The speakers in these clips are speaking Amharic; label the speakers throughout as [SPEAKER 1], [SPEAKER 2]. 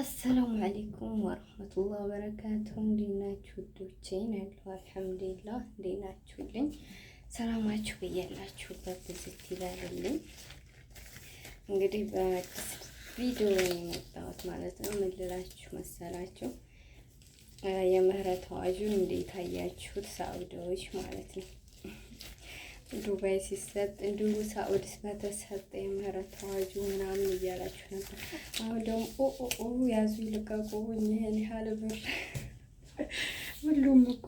[SPEAKER 1] አሰላሙ አሌይኩም ወረህመቱላህ በረካቱ እንዴት ናችሁ ውዶቼ? ያለሁ አልሐምዱሊላህ። እንዴት ናችሁልኝ? ሰላማችሁ ብያላችሁበት ብዝት ይበልልኝ። እንግዲህ በአዲስ ቪዲዮ የመጣሁት ማለት ነው። ምን ልላችሁ መሰላችሁ? የምህረት አዋጁን እንዴት አያችሁት? ሳኡዲዎች ማለት ነው ዱባይ ሲሰጥ እንዲሁ ሳኡዲ በተሰጠ የምህረት ታዋጁ ምናምን እያላችሁ ነበር። አሁን ደግሞ ያዙ ይልቀቁ እኝህን ያህል ብር ሁሉም እኮ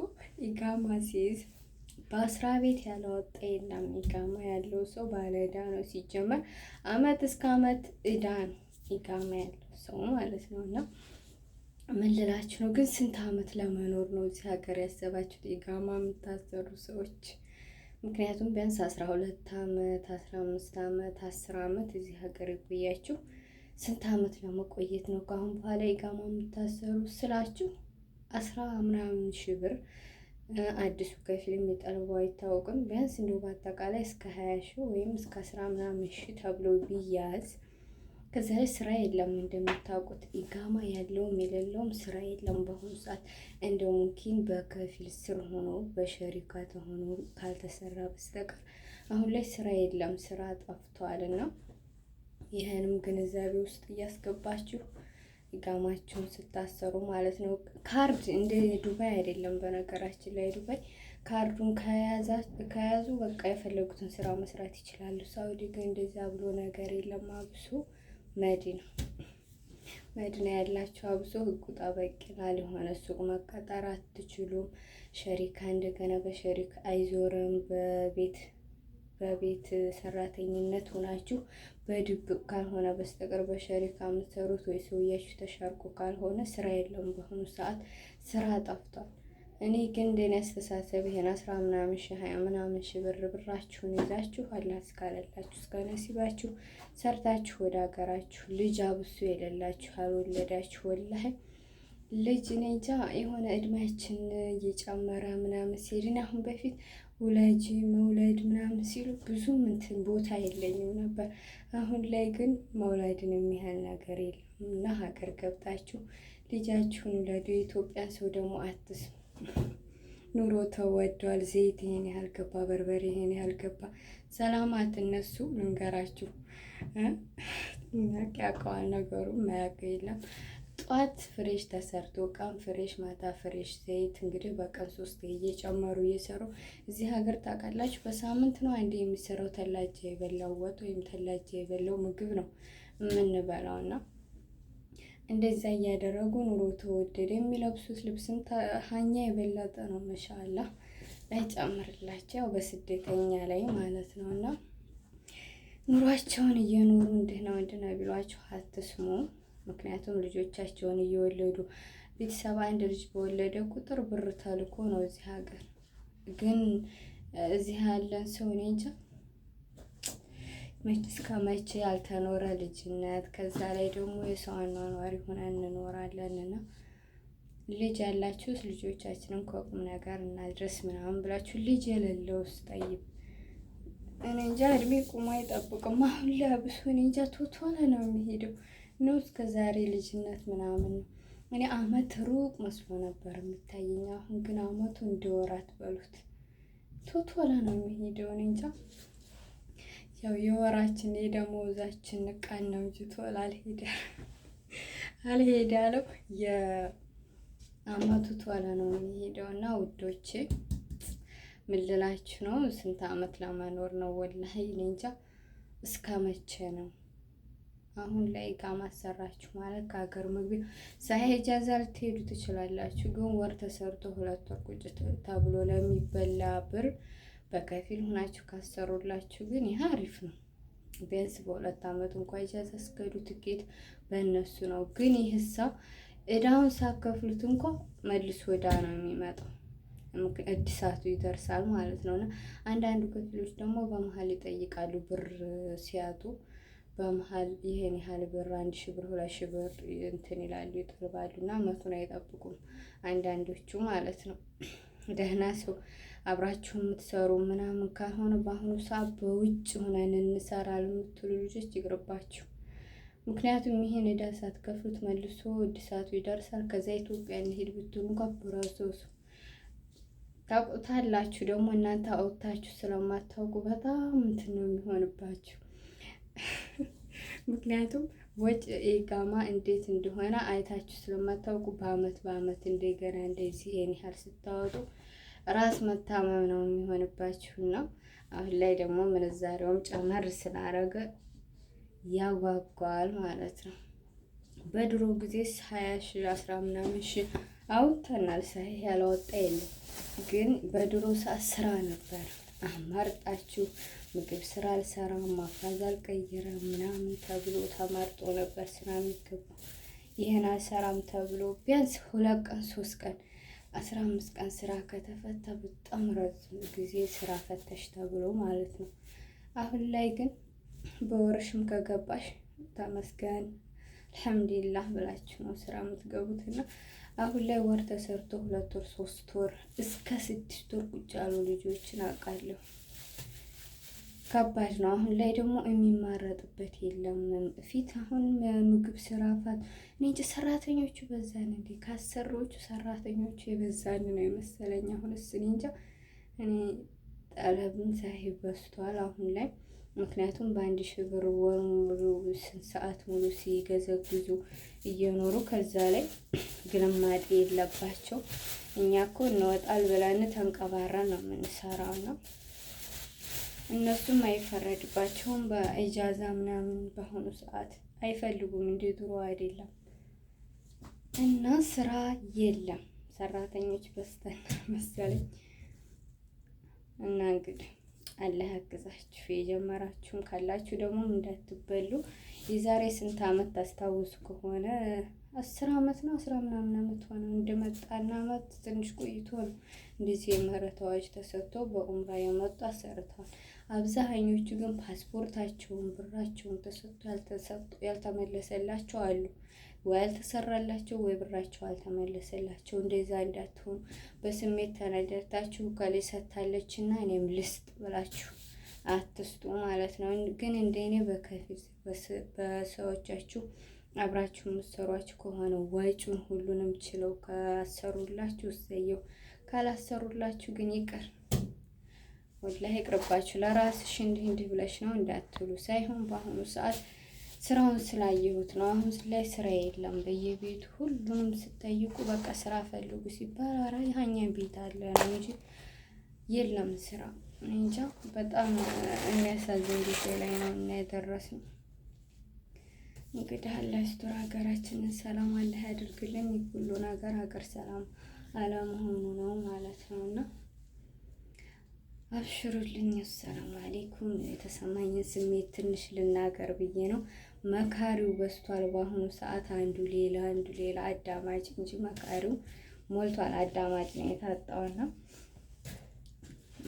[SPEAKER 1] ኢጋማ ሲይዝ በአስራ ቤት ያለወጣ የለም። ኢጋማ ያለው ሰው ባለ ነው። ሲጀመር አመት እስከ አመት እዳ ነው ኢጋማ ያለው ሰው ማለት ነው። እና ምን ልላችሁ ነው ግን ስንት አመት ለመኖር ነው እዚህ ሀገር ያሰባችሁት? ኢጋማ የምታሰሩ ሰዎች ምክንያቱም ቢያንስ አስራ ሁለት አመት አስራ አምስት አመት አስር አመት እዚህ ሀገር የቆያችሁ ስንት ዓመት ለመቆየት ነው ከአሁን በኋላ ኢቃማ የምታሰሩ ስላችሁ አስራ ምናምን ሺህ ብር አዲሱ ከፊል የሚጠልበው አይታወቅም። ቢያንስ እንዲሁ በአጠቃላይ እስከ ሀያ ሺህ ወይም እስከ አስራ ምናምን ሺህ ተብሎ ቢያዝ ከዛ ላይ ስራ የለም እንደምታውቁት፣ ኢጋማ ያለውም የሌለውም ስራ የለም በአሁኑ ሰዓት። እንደ ሙኪን በከፊል ስር ሆኖ በሸሪካ ሆኖ ካልተሰራ በስተቀር አሁን ላይ ስራ የለም፣ ስራ ጠፍቷል። እና ይህንም ግንዛቤ ውስጥ እያስገባችሁ ኢቃማችሁን ስታሰሩ ማለት ነው። ካርድ እንደ ዱባይ አይደለም። በነገራችን ላይ ዱባይ ካርዱን ከያዙ በቃ የፈለጉትን ስራ መስራት ይችላሉ። ሳውዲ ግን እንደዛ ብሎ ነገር የለም አብሶ መዲና መዲና ያላችሁ አብሶ ህጉ ጠበቅ ይላል። የሆነ ሱቅ መቀጠር አትችሉም። ሸሪካ እንደገና በሸሪክ አይዞርም። በቤት በቤት ሰራተኝነት ሆናችሁ በድብቅ ካልሆነ በስተቀር በሸሪካ የምትሰሩት ወይ ሰውያችሁ ተሻርቆ ካልሆነ ስራ የለውም። በአሁኑ ሰዓት ስራ ጠፍቷል። እኔ ግን እንደኔ አስተሳሰብ ይሄን አስራ ምናምን ሺህ ሀያ ምናምን ሺህ ብር ብራችሁን ይዛችሁ አላህ እስከ ነሲባችሁ ሰርታችሁ ወደ ሀገራችሁ ልጅ አብሱ የሌላችሁ አልወለዳችሁ ወላሂ ልጅ እኔ እንጃ የሆነ እድሜያችን እየጨመረ ምናምን ሲሄድን አሁን በፊት ውለጅ መውለድ ምናምን ሲሉ ብዙ ምንትን ቦታ የለኝም ነበር። አሁን ላይ ግን መውለድን የሚያህል ነገር የለም እና ሀገር ገብታችሁ ልጃችሁን ውለዱ። የኢትዮጵያ ሰው ደግሞ አትስሙ። ኑሮ ተወዷል። ዘይት ይሄን ያህል ገባ፣ በርበሬ ይሄን ያህል ገባ። ሰላማት እነሱ ልንገራችሁ ያውቀዋል ነገሩ መያቅ የለም። ጧት ፍሬሽ ተሰርቶ ቀን ፍሬሽ ማታ ፍሬሽ ዘይት እንግዲህ በቀን ሶስት እየጨመሩ እየሰሩ እዚህ ሀገር ታውቃላችሁ፣ በሳምንት ነው አንዴ የሚሰራው ተላጃ የበላው ወጥ ወይም ተላጃ የበላው ምግብ ነው የምንበላው እና እንደዛ እያደረጉ ኑሮ ተወደደ። የሚለብሱት ልብስም ሀኛ የበለጠ ነው። መሻላ ላይ ጨምርላቸው ያው በስደተኛ ላይ ማለት ነው። እና ኑሯቸውን እየኖሩ እንድህ ነው እንድህ ነው ቢሏቸው አትስሙ። ምክንያቱም ልጆቻቸውን እየወለዱ ቤተሰብ አንድ ልጅ በወለደ ቁጥር ብር ተልኮ ነው እዚህ ሀገር ግን እዚህ ያለን ሰው እኔ እንጃ መች እስከ መቼ ያልተኖረ ልጅነት፣ ከዛ ላይ ደግሞ የሰው አኗኗሪ ሆነን እንኖራለን እና ልጅ ያላችሁ ልጆቻችንን ከቁም ነገር እናድረስ ምናምን ብላችሁ ልጅ የሌለው ስጠይቅ እኔ እንጃ እድሜ ቁሞ አይጠብቅም። አሁን ላይ አብሶ እኔ እንጃ ቶቶለ ነው የሚሄደው ነው እስከ ዛሬ ልጅነት ምናምን ነው። እኔ አመት ሩቅ መስሎ ነበር የሚታየኝ። አሁን ግን አመቱ እንደ በሉት ቶቶለ ነው የሚሄደው እኔ እንጃ። ያው የወራችን የደሞዛችን ቀን ነው እንጂ ቶል አልሄደ አልሄደ ያለው የአመቱ ቶሎ ነው የሚሄደው። እና ውዶቼ ምን ልላችሁ ነው? ስንት አመት ለመኖር ነው? ወላሂ እኔ እንጃ እስከ መቼ ነው? አሁን ላይ ኢቃማ ሰራችሁ ማለት ከሀገር ምግብ ሳይ ኢጃዛ ልትሄዱ ትችላላችሁ። ግን ወር ተሰርቶ ሁለት ወር ቁጭ ተብሎ ለሚበላ ብር በከፊል ሆናችሁ ካሰሩላችሁ ግን ይህ አሪፍ ነው። ቢያንስ በሁለት ዓመት እንኳ ጃዝ አስገዱ ትኬት በእነሱ ነው። ግን ይህ ሳ እዳውን ሳከፍሉት እንኳ መልሶ ወዳ ነው የሚመጣው። እድሳቱ ይደርሳል ማለት ነው። እና አንዳንዱ ክፍሎች ደግሞ በመሀል ይጠይቃሉ ብር ሲያጡ በመሀል ይሄን ያህል ብር አንድ ሺ ብር ሁለት ሺህ ብር እንትን ይላሉ ይጠልባሉ። እና መቱን አይጠብቁም አንዳንዶቹ ማለት ነው። ደህና ሰው አብራችሁ የምትሰሩ ምናምን ካልሆነ በአሁኑ ሰዓት በውጭ ሆነን እንሰራል የምትሉ ልጆች ይቅርባችሁ። ምክንያቱም ይህን ዕዳ ሳትከፍሉት መልሶ እድሳቱ ይደርሳል። ከዛ ኢትዮጵያ እንሄድ ብትሉ እንኳ ብረሶሱ ታውቁታላችሁ። ደግሞ እናንተ አውጥታችሁ ስለማታውቁ በጣም እንትን ነው የሚሆንባችሁ። ምክንያቱም ወጭ ኢቃማ እንዴት እንደሆነ አይታችሁ ስለማታውቁ በአመት በአመት እንደገና እንደዚህ ይሄን ያህል ስታወጡ ራስ መታመም ነው ነው። አሁን ላይ ደግሞ ምንዛሬውም ጨመር ስላረገ ያጓጓል ማለት ነው። በድሮ ጊዜ ሀያ ሺ አስራ ምናምን ሺ አውጥተናል። ሳይህ ያላወጣ የለም። ግን በድሮ ሰዓት ስራ ነበር አማርጣችሁ ምግብ ስራ አልሰራም ማፋዝ አልቀይረም ምናምን ተብሎ ተማርጦ ነበር ስራ የሚገባ። ይህን አልሰራም ተብሎ ቢያንስ ሁለት ቀን ሶስት ቀን አስራ አምስት ቀን ስራ ከተፈታ በጣም ረጅም ጊዜ ስራ ፈተሽ ተብሎ ማለት ነው። አሁን ላይ ግን በወርሽም ከገባሽ ተመስገን አልሐምዱሊላህ ብላችሁ ነው ስራ የምትገቡት እና አሁን ላይ ወር ተሰርቶ ሁለት ወር ሶስት ወር እስከ ስድስት ወር ቁጭ ያሉ ልጆችን አውቃለሁ። ከባድ ነው። አሁን ላይ ደግሞ የሚማረጥበት የለም። ፊት አሁን ምግብ ስራ ፋት እንጂ ሰራተኞቹ በዛን እንዴ ካሰሪዎቹ ሰራተኞቹ የበዛን ነው የመሰለኝ። አሁን እስን እንጃ እኔ ጠለብም ሳይ በስቷል አሁን ላይ ምክንያቱም በአንድ ሺህ ብር ወር ሙሉ ስንት ሰዓት ሙሉ ሲገዘግዙ እየኖሩ ከዛ ላይ ግልማጤ የለባቸው። እኛ እኮ እንወጣል ብለን ተንቀባራ ነው የምንሰራው ነው እነሱም አይፈረድባቸውም። በእጃዛ ምናምን በአሁኑ ሰዓት አይፈልጉም፣ እንደ ድሮ አይደለም እና ስራ የለም ሰራተኞች በስተና መሰለኝ እና እንግዲህ አላህ ያግዛችሁ። የጀመራችሁም ካላችሁ ደግሞ እንዳትበሉ። የዛሬ ስንት አመት ታስታውሱ ከሆነ አስር አመት ነው አስራ ምናምን አመት ሆነ እንደመጣ እንደመጣና አመት ትንሽ ቆይቶ ነው እንደዚህ የምህረት አዋጅ ተሰጥቶ በኡምራ የመጡ አሰርተዋል። አብዛኞቹ ግን ፓስፖርታቸውን ብራቸውን ተሰጥቶ ያልተሰጡ ያልተመለሰላቸው አሉ። ወይ ያልተሰራላቸው ወይ ብራቸው አልተመለሰላቸው። እንደዛ እንዳትሆኑ በስሜት ተነደርታችሁ ከላይ ሰታለች እና እኔም ልስጥ ብላችሁ አትስጡ ማለት ነው። ግን እንደኔ በከፊል በሰዎቻችሁ አብራችሁ የምትሰሯችሁ ከሆነ ወጪውን ሁሉንም ችለው ካሰሩላችሁ እሰየው፣ ካላሰሩላችሁ ግን ይቅር ወላሂ ይቅርባችሁ። ለራስሽ እንዲህ እንዲህ ብለሽ ነው እንዳትሉ ሳይሆን በአሁኑ ሰዓት ስራውን ስላየሁት ነው። አሁን ላይ ስራ የለም በየቤቱ ሁሉንም ስጠይቁ በቃ ስራ ፈልጉ ሲባል ኧረ ያኛ ቤት አለ ነው እንጂ የለም ስራ። እንጃ በጣም የሚያሳዝን ጊዜ ላይ ነው እና የደረስነው። እንግዲህ አላህ ይስጥር። ሀገራችንን ሰላም አላህ ያድርግልን። ሁሉ ነገር ሀገር ሰላም አለመሆኑ ነው ማለት ነው። እና አብሽሩልኝ። አሰላሙ አሌይኩም። የተሰማኝን ስሜት ትንሽ ልናገር ብዬ ነው። መካሪው በስቷል። በአሁኑ ሰዓት አንዱ ሌላ አንዱ ሌላ አዳማጭ እንጂ መካሪው ሞልቷል። አዳማጭ ነው የታጣውና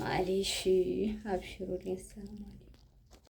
[SPEAKER 1] ማሌሽ። አብሽሩልኝ። ሰላም